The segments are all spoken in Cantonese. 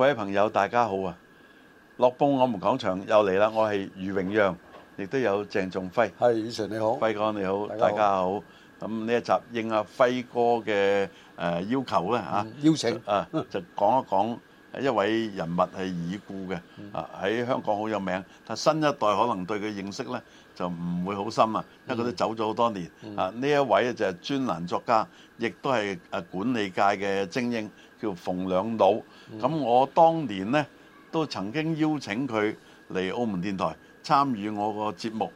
各位朋友，大家好啊！樂報我們講場又嚟啦，我係余榮讓，亦都有鄭仲輝。係，宇成你好，輝哥你好，大家好。咁呢一集應阿輝哥嘅誒要求啦，嚇、嗯，邀請啊，就講一講一位人物係已故嘅啊，喺、嗯、香港好有名，但新一代可能對佢認識咧，就唔會好深啊，因為佢都走咗好多年，嗯嗯、啊。呢一位咧就係專欄作家，亦都係誒管理界嘅精英，叫馮兩努。咁、嗯嗯、我當年呢，都曾經邀請佢嚟澳門電台參與我個節目。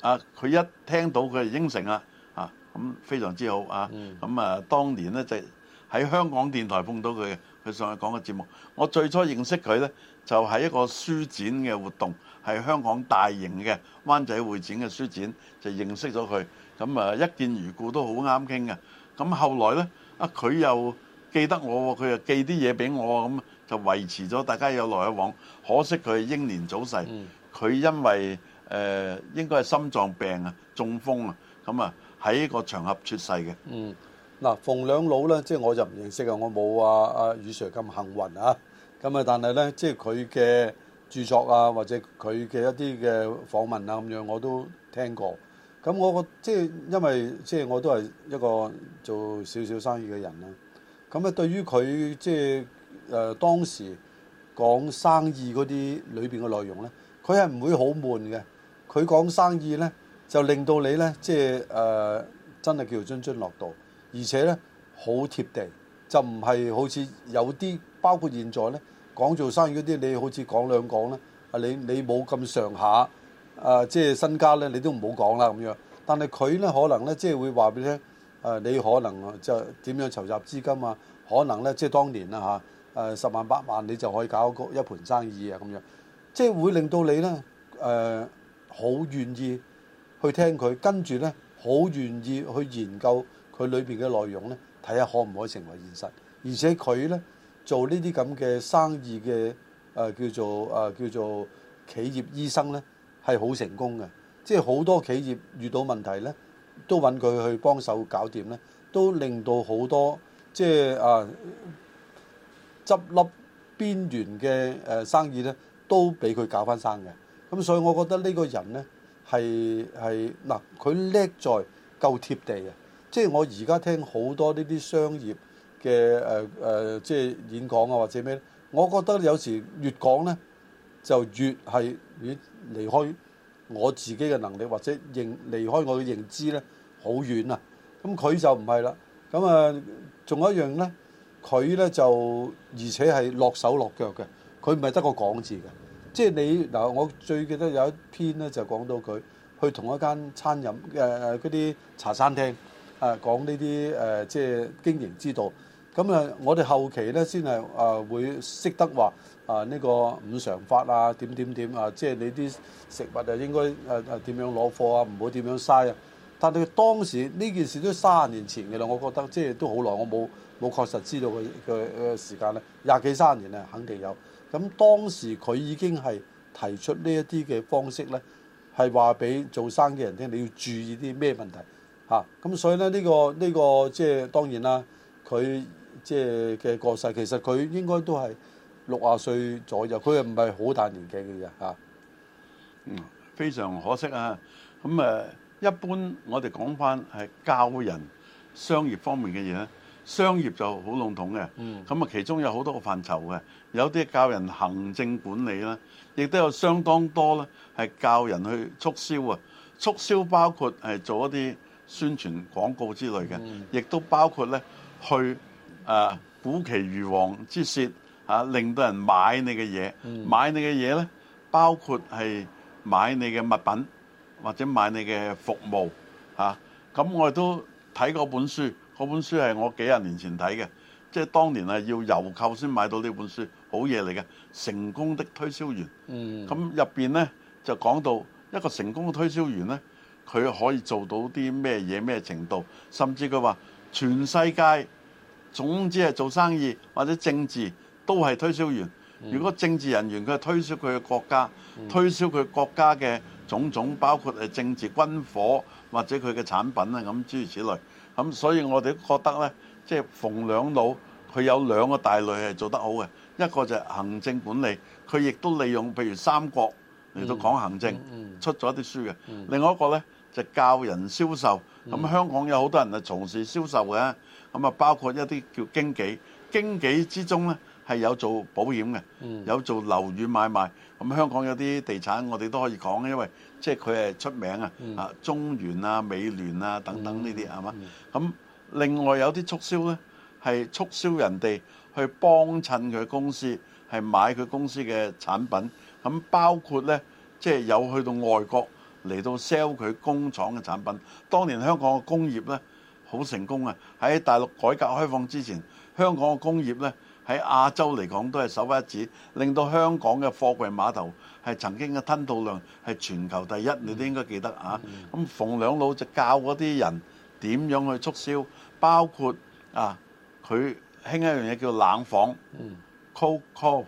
啊，佢一聽到佢就應承啦，啊咁非常之好啊。咁、嗯、啊、啊，當年呢，就喺香港電台碰到佢，佢上去講個節目。我最初認識佢呢，就係、是、一個書展嘅活動。係香港大型嘅灣仔會展嘅書展，就認識咗佢。咁啊，一見如故都好啱傾嘅。咁後來呢，啊佢又記得我，佢又寄啲嘢俾我，咁就維持咗大家有來有往。可惜佢係英年早逝，佢因為誒、呃、應該係心臟病啊，中風啊，咁啊喺呢個場合出世嘅。嗯，嗱、呃，馮兩努呢，即、就、係、是、我就唔認識沒有啊，我冇啊啊余 Sir 咁幸運啊。咁啊，但係呢，即係佢嘅。著作啊，或者佢嘅一啲嘅訪問啊咁樣，我都聽過。咁我即係因為即係我都係一個做少少生意嘅人啦。咁呢，對於佢即係誒、呃、當時講生意嗰啲裏邊嘅內容呢，佢係唔會好悶嘅。佢講生意呢，就令到你呢，即係誒、呃、真係叫津津樂道，而且呢，好貼地，就唔係好似有啲包括現在呢。講做生意嗰啲，你好似講兩講咧，啊你你冇咁上下，啊即係身家咧，你都唔好講啦咁樣。但係佢咧可能咧，即係會話俾你聽咧，啊你可能就點樣籌集資金啊？可能咧即係當年啊嚇，誒十萬八萬你就可以搞一盤生意啊咁樣。即係會令到你咧誒好願意去聽佢，跟住咧好願意去研究佢裏邊嘅內容咧，睇下可唔可以成為現實。而且佢咧。做呢啲咁嘅生意嘅誒叫做誒叫做企業醫生咧，係好成功嘅。即係好多企業遇到問題咧，都揾佢去幫手搞掂咧，都令到好多即係啊執笠邊緣嘅誒生意咧，都俾佢搞翻生嘅。咁所以我覺得呢個人咧係係嗱，佢叻在夠貼地啊！即係我而家聽好多呢啲商業。嘅誒誒，即係演講啊，或者咩咧？我覺得有時越講咧，就越係越離開我自己嘅能力，或者認離開我嘅認知咧，好遠啊！咁、嗯、佢就唔係啦。咁、嗯、啊，仲有一樣咧，佢咧就而且係落手落腳嘅，佢唔係得個講字嘅。即係你嗱、呃，我最記得有一篇咧，就講到佢去同一間餐飲誒誒嗰啲茶餐廳啊、呃，講呢啲誒即係經營之道。咁啊，我哋後期咧先係啊會識得話啊呢個五常法啊點點點啊，即係你啲食物啊應該誒誒點樣攞貨啊，唔好點樣嘥啊。但係當時呢件事都三十年前嘅啦，我覺得即係都好耐，我冇冇確實知道佢嘅、嗰個、時間咧，廿幾三十年啊肯定有。咁當時佢已經係提出呢一啲嘅方式咧，係話俾做生意人聽，你要注意啲咩問題嚇？咁、啊、所以咧呢、呢個呢、呢個即係當然啦，佢。即係嘅過世，其實佢應該都係六啊歲左右，佢又唔係好大年紀嘅啫嚇。嗯，非常可惜啊！咁誒，一般我哋講翻係教人商業方面嘅嘢咧，商業就好籠統嘅。嗯。咁啊，其中有好多個範疇嘅，有啲教人行政管理啦，亦都有相當多咧係教人去促銷啊！促銷包括係做一啲宣傳廣告之類嘅，亦都包括咧去。誒古其如王之説啊，令到人買你嘅嘢，買你嘅嘢咧，包括係買你嘅物品或者買你嘅服務嚇。咁、啊、我哋都睇過本書，本書係我幾廿年前睇嘅，即係當年係要郵購先買到呢本書，好嘢嚟嘅《成功的推銷員》。咁入邊呢，就講到一個成功嘅推銷員呢，佢可以做到啲咩嘢咩程度？甚至佢話全世界。總之係做生意或者政治都係推銷員。如果政治人員佢係推銷佢嘅國家，推銷佢國家嘅種種，包括係政治、軍火或者佢嘅產品啊，咁諸如此類。咁所以我哋覺得呢，即係馮兩努佢有兩個大類係做得好嘅，一個就係行政管理，佢亦都利用譬如《三國》嚟到講行政，出咗啲書嘅。另外一個呢，就教人銷售。咁香港有好多人係從事銷售嘅。咁啊，包括一啲叫經紀，經紀之中咧係有做保險嘅，有做樓宇買賣。咁香港有啲地產，我哋都可以講，因為即係佢係出名啊，啊中原啊、美聯啊等等呢啲係嘛？咁另外有啲促銷咧，係促銷人哋去幫襯佢公司，係買佢公司嘅產品。咁包括咧，即係有去到外國嚟到 sell 佢工廠嘅產品。當年香港嘅工業咧，好成功啊！喺大陸改革開放之前，香港嘅工業呢，喺亞洲嚟講都係首屈一指，令到香港嘅貨櫃碼頭係曾經嘅吞吐量係全球第一，你都應該記得啊！咁、嗯、馮兩努就教嗰啲人點樣去促銷，包括啊，佢興一樣嘢叫冷房 cold call call，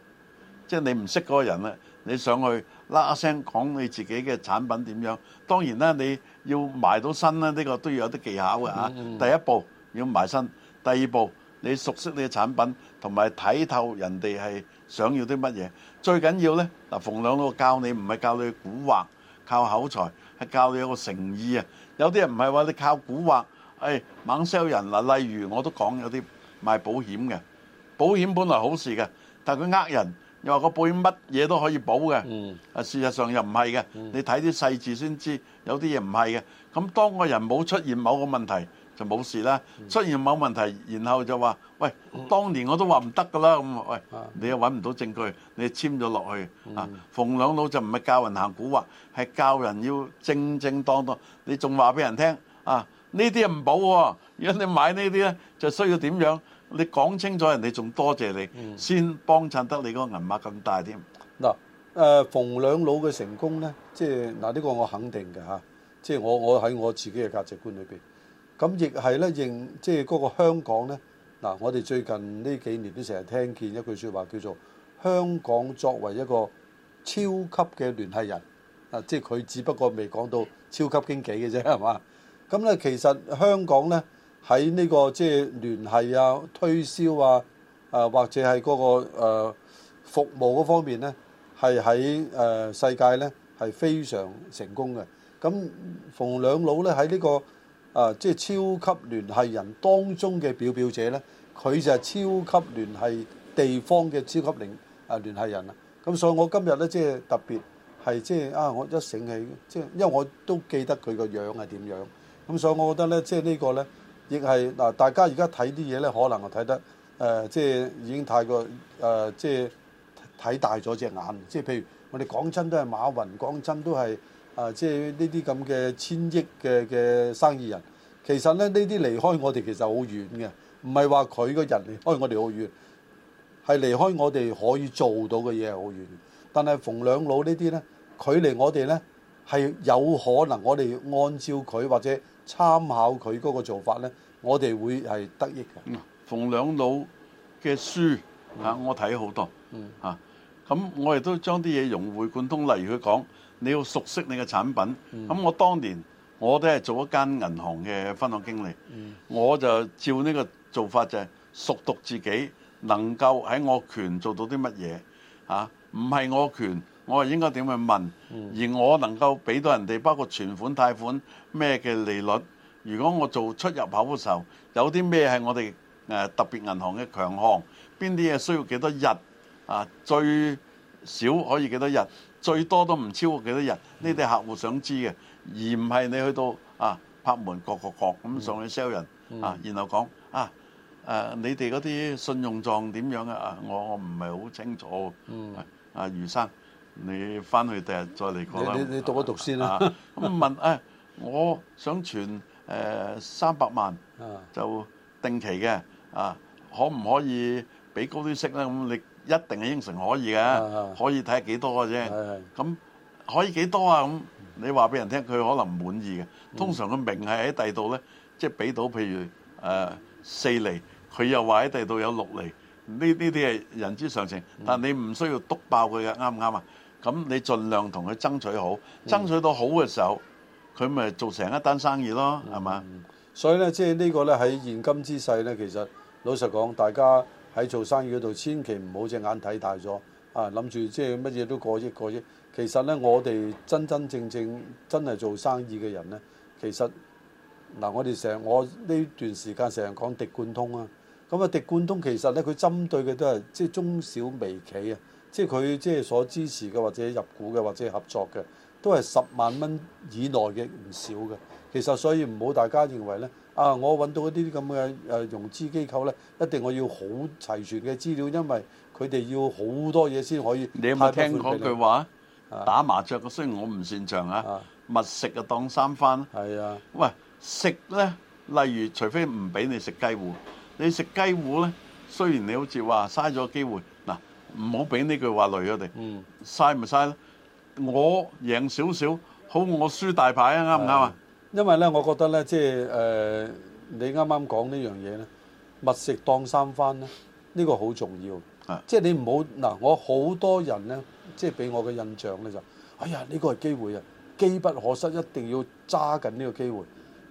即係你唔識嗰個人咧，你上去拉一聲講你自己嘅產品點樣。當然啦，你要埋到身呢，呢、呢個都要有啲技巧嘅、啊嗯嗯、第一步要埋身，第二步你熟悉你嘅產品，同埋睇透人哋係想要啲乜嘢。最緊要呢，嗱，馮兩努教你唔係教你古惑，靠口才係教你一個誠意啊！有啲人唔係話你靠古惑，係猛 sell 人嗱。例如我都講有啲賣保險嘅，保險本來好事嘅，但佢呃人。又話個保險乜嘢都可以保嘅，啊事實上又唔係嘅，你睇啲細節先知，有啲嘢唔係嘅。咁當個人冇出現某個問題就冇事啦，出現某問題然後就話，喂，當年我都話唔得㗎啦，咁喂，你又揾唔到證據，你簽咗落去啊，馮兩努就唔係教人行古惑，係教人要正正當當，你仲話俾人聽啊？呢啲又唔保喎，如果你買呢啲咧，就需要點樣？你講清楚，人哋仲多謝你，先幫襯得你個銀碼咁大添。嗱，誒，馮兩努嘅成功咧，即係嗱呢個我肯定嘅嚇。即係我我喺我自己嘅價值觀裏邊，咁亦係咧認，即係嗰個香港咧。嗱，我哋最近呢幾年都成日聽見一句説話叫做香港作為一個超級嘅聯繫人啊，即係佢只不過未講到超級經紀嘅啫，係嘛？咁咧，其實香港咧。喺呢、這個即係、就是、聯繫啊、推銷啊，啊或者係嗰、那個、呃、服務嗰方面呢，係喺誒世界呢係非常成功嘅。咁馮兩努呢，喺呢、這個啊，即、就、係、是、超級聯繫人當中嘅表表者呢，佢就係超級聯繫地方嘅超級聯啊聯繫人啦。咁所以我今日呢，即、就、係、是、特別係即係啊，我一醒起即係，就是、因為我都記得佢個樣係點樣，咁所以我覺得呢，即係呢個呢。亦係嗱，大家而家睇啲嘢咧，可能啊睇得誒、呃，即係已經太過誒、呃，即係睇大咗隻眼。即係譬如我哋講真都係馬雲，講真都係啊、呃，即係呢啲咁嘅千億嘅嘅生意人。其實咧，呢啲離開我哋其實好遠嘅，唔係話佢個人離開我哋好遠，係離開我哋可以做到嘅嘢好遠。但係馮兩努呢啲咧，佢離我哋咧係有可能，我哋按照佢或者。參考佢嗰個做法呢，我哋會係得益嘅。馮兩努嘅書嚇，我睇好多嚇。咁、嗯啊、我亦都將啲嘢融會貫通，例如佢講你要熟悉你嘅產品。咁、嗯、我當年我都係做一間銀行嘅分行經理，嗯、我就照呢個做法就係熟讀自己，能夠喺我權做到啲乜嘢嚇，唔、啊、係我權。我係應該點去問？而我能夠俾到人哋包括存款，款、貸款咩嘅利率？如果我做出入口嘅時候，有啲咩係我哋誒、呃、特別銀行嘅強項？邊啲嘢需要幾多日啊？最少可以幾多日？最多都唔超過幾多日？呢啲、嗯、客戶想知嘅，而唔係你去到啊拍門隔隔隔，噥噥噥咁上去 sell 人、嗯、啊，然後講啊誒、呃，你哋嗰啲信用狀點樣啊？啊我我唔係好清楚。嗯、啊，余生。你翻去第日再嚟講啦。你你讀一讀先啦。咁問誒，我想存誒三百萬，就定期嘅，啊，可唔可以俾高啲息咧？咁你一定係應承可以嘅，可以睇下幾多嘅啫。咁可以幾多啊？咁你話俾人聽，佢可能唔滿意嘅。通常個名係喺第度咧，即係俾到譬如誒四釐，佢又話喺第度有六釐，呢呢啲係人之常情，但你唔需要篤爆佢嘅，啱唔啱啊？咁你盡量同佢爭取好，爭取到好嘅時候，佢咪做成一單生意咯，係嘛，嗯嗯？所以咧，即係呢個咧喺現今之世咧，其實老實講，大家喺做生意嗰度，千祈唔好隻眼睇大咗啊！諗住即係乜嘢都過億過億，其實咧，我哋真真正正真係做生意嘅人咧，其實嗱，我哋成我呢段時間成日講滴灌通啊，咁啊，滴灌通其實咧，佢針對嘅都係即係中小微企啊。即係佢即係所支持嘅，或者入股嘅，或者合作嘅，都係十萬蚊以內嘅唔少嘅。其實所以唔好大家認為咧，啊我揾到一啲咁嘅誒融資機構咧，一定我要好齊全嘅資料，因為佢哋要好多嘢先可以你。你有冇聽過句話？打麻雀嘅，雖然我唔擅長啊，物食就當三番。係啊，喂食咧，例如除非唔俾你食雞糊，你食雞糊咧，雖然你好似話嘥咗機會。唔好俾呢句話累我哋，嘥咪嘥咯！我贏少少，好我輸大牌啊，啱唔啱啊？因為咧，我覺得咧，即係誒，你啱啱講呢樣嘢咧，物極當三番咧，呢個好重要。啊，即係你唔好嗱，我好多人咧，即係俾我嘅印象咧就，哎呀，呢個係機會啊，機不可失，一定要揸緊呢個機會。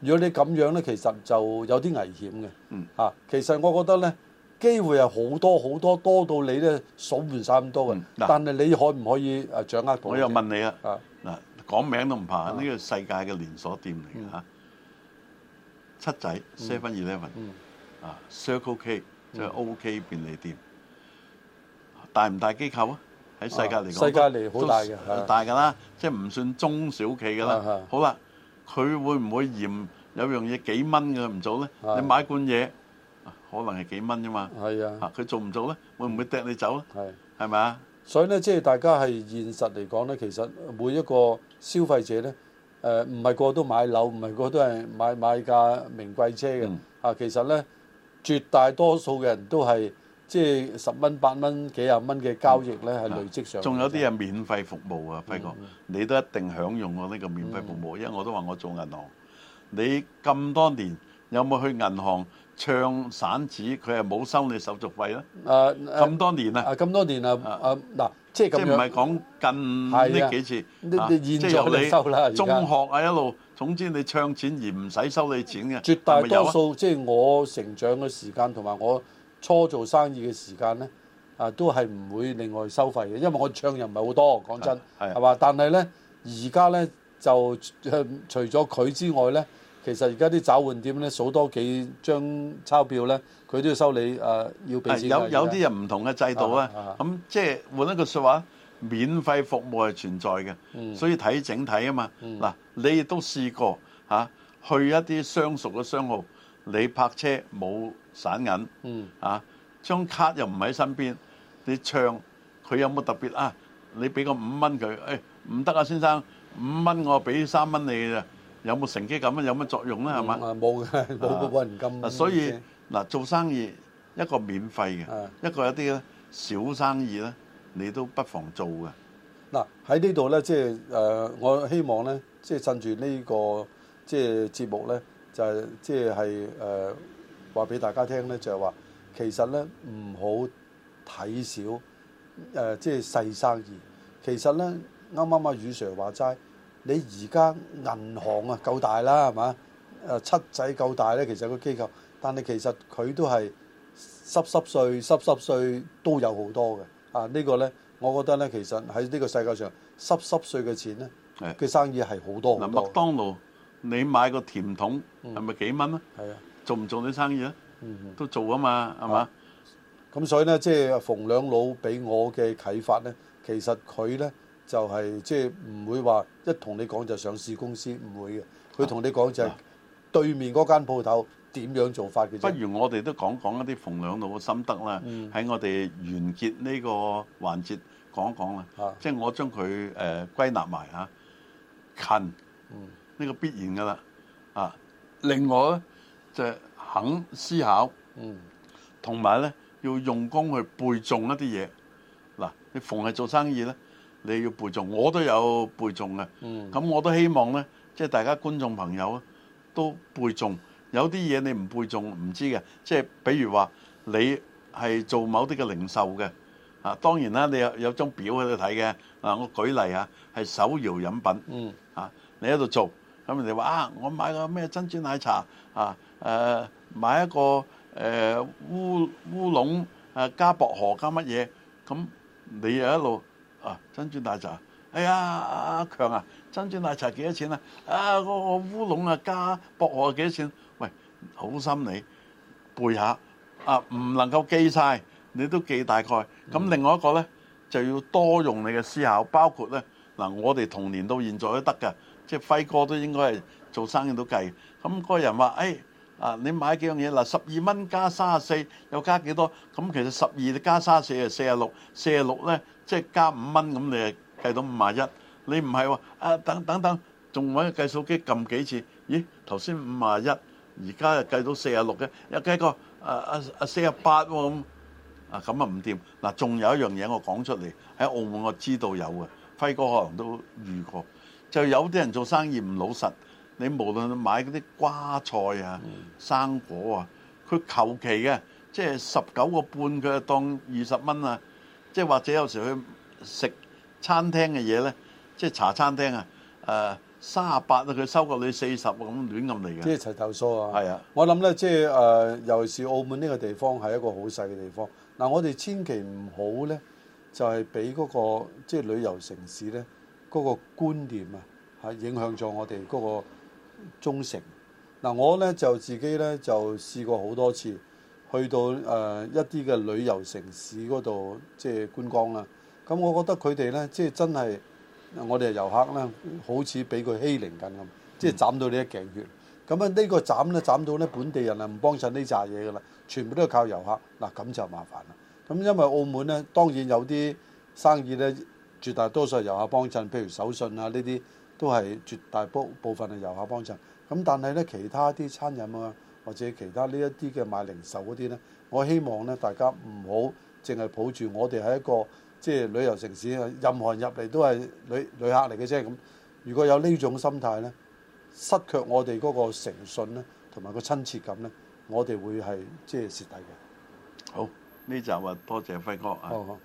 如果你咁樣咧，其實就有啲危險嘅。嗯，嚇、啊，其實我覺得咧。機會係好多好多，多到你咧數完曬咁多人。但係你可唔可以誒掌握到？我又問你啦。啊嗱，講名都唔怕，呢個世界嘅連鎖店嚟㗎吓。七仔 Seven Eleven 啊，Circle K 即係 OK 便利店，大唔大機構啊？喺世界嚟講，世界嚟好大嘅，大㗎啦，即係唔算中小企㗎啦。好啦，佢會唔會嫌有樣嘢幾蚊嘅唔做咧？你買罐嘢，可能係幾蚊啫嘛，係啊，佢做唔做咧？會唔會掟你走咧？係係咪啊？所以咧，即係大家係現實嚟講咧，其實每一個消費者咧，誒唔係個個都買樓，唔係個個都係買買架名貴車嘅。啊，其實咧，絕大多數嘅人都係即係十蚊八蚊幾廿蚊嘅交易咧，係累積上。仲有啲係免費服務啊，輝哥，你都一定享用過呢個免費服務，因為我都話我做銀行，你咁多年有冇去銀行？唱散紙，佢係冇收你手續費啦。誒誒，咁多年啊！咁多年啊！誒嗱、啊，即係咁樣。唔係講近呢幾次？你你的、啊、現在收啦，而家中學啊一路，在總之你唱錢而唔使收你錢嘅。絕大多數即係我成長嘅時間同埋我初做生意嘅時間咧，啊都係唔會另外收費嘅，因為我唱又唔係好多，講真係嘛。但係咧，而家咧就除咗佢之外咧。其實而家啲找換店咧，數多幾張鈔票咧，佢都要收你誒、呃，要俾錢嘅。有有啲人唔同嘅制度啊，咁、啊、即係換一句説話，免費服務係存在嘅，嗯、所以睇整體啊嘛。嗱、嗯，你亦都試過嚇、啊、去一啲相熟嘅商號，你泊車冇散銀，嗯、啊張卡又唔喺身邊，你唱佢有冇特別啊？你俾個五蚊佢，誒唔得啊，先生五蚊我俾三蚊你㗎。有冇成機咁啊？有乜作用咧？係咪？冇嘅、嗯，冇冇人咁、啊。所以嗱，做生意一個免費嘅，啊、一個一啲咧小生意咧，你都不妨做嘅、嗯。嗱喺呢度咧，即係誒，我希望咧，即係趁住呢個即係節目咧，就係即係係誒話俾大家聽咧，就係、是、話其實咧唔好睇小誒，即係細生意。其實咧，啱啱阿余 Sir 話齋。你而家銀行啊夠大啦，係嘛？誒七仔夠大咧，其實個機構，但係其實佢都係濕濕碎濕濕碎都有好多嘅。啊，呢個咧，我覺得咧，其實喺呢個世界上濕濕碎嘅錢咧嘅生意係好多。麥當勞你買個甜筒係咪幾蚊啊？係啊，做唔做啲生意啊？嗯，都做啊嘛，係嘛？咁所以咧，即係馮兩努俾我嘅啟發咧，其實佢咧。就係即係唔會話一同你講就上市公司唔會嘅，佢同你講就係對面嗰間鋪頭點樣做法嘅，啊。不如我哋都講講一啲馮兩努嘅心得啦，喺我哋完結呢個環節講一講啦。即係、啊、我將佢誒歸納埋嚇，勤、啊、呢、呢個必然噶啦。啊，另外呢就係肯思考，同埋咧要用功去背誦一啲嘢。嗱、啊，你逢係做生意咧。你要背誦，我都有背誦嘅。咁我都希望咧，即係大家觀眾朋友啊，都背誦有啲嘢你唔背誦唔知嘅。即係比如話，你係做某啲嘅零售嘅啊，當然啦、啊，你有有張表喺度睇嘅嗱。我舉例啊，係手搖飲品啊，你喺度做咁，人哋話啊，啊、我買個咩珍珠奶茶啊，啊？誒、啊、買一個誒烏烏龍啊，加薄荷加乜嘢咁？你又一路。啊！珍珠奶茶，哎呀阿強啊！珍珠奶茶幾多錢啊？啊！個、那個烏龍啊加薄荷幾、啊、多錢、啊？喂，好心你背下啊！唔能夠記晒，你都記大概咁。另外一個咧就要多用你嘅思考，包括咧嗱、啊，我哋童年到現在都得㗎，即係輝哥都應該係做生意都計咁。個、那個人話，誒、哎、啊！你買幾樣嘢嗱？十二蚊加三十四，又加幾多？咁其實十二加三十四係四十六，四十六咧。即係加五蚊咁，你誒計到五十一。你唔係話啊等等等，仲揾計數機撳幾次？咦，頭先五十一，而家又計到四十六嘅，又計個啊啊啊四十八喎咁啊，咁唔掂。嗱、哦，仲、啊啊、有一樣嘢我講出嚟喺澳門，我知道有嘅，輝哥可能都遇過。就有啲人做生意唔老實，你無論買嗰啲瓜菜啊、生果啊，佢求其嘅，即係十九個半佢當二十蚊啊！即係或者有時去食餐廳嘅嘢咧，即、就、係、是、茶餐廳、呃、38, 40, 啊，誒三十八啦，佢收夠你四十咁亂咁嚟嘅。即係一齊頭數啊！我諗咧，即係誒，尤其是澳門呢個地方係一個好細嘅地方。嗱、呃，我哋千祈唔好咧，就係俾嗰個即係、就是、旅遊城市咧嗰、那個觀念啊，係影響咗我哋嗰個忠誠。嗱、呃，我咧就自己咧就試過好多次。去到誒一啲嘅旅遊城市嗰度，即係觀光啦。咁我覺得佢哋呢，即係真係我哋遊客呢，好似俾佢欺凌緊咁，即係斬到你一頸血。咁啊呢個斬呢，斬到呢本地人啊唔幫襯呢扎嘢㗎啦，全部都係靠遊客。嗱咁就麻煩啦。咁因為澳門呢，當然有啲生意呢，絕大多數係遊客幫襯，譬如手信啊呢啲，都係絕大部部分係遊客幫襯。咁但係呢，其他啲餐飲啊。或者其他呢一啲嘅賣零售嗰啲呢，我希望呢大家唔好淨係抱住我哋係一個即係、就是、旅遊城市，任何人入嚟都係旅旅客嚟嘅啫。咁如果有呢種心態呢，失卻我哋嗰個誠信呢同埋個親切感呢，我哋會係即係蝕底嘅，啊。好，呢集啊，多謝輝哥啊。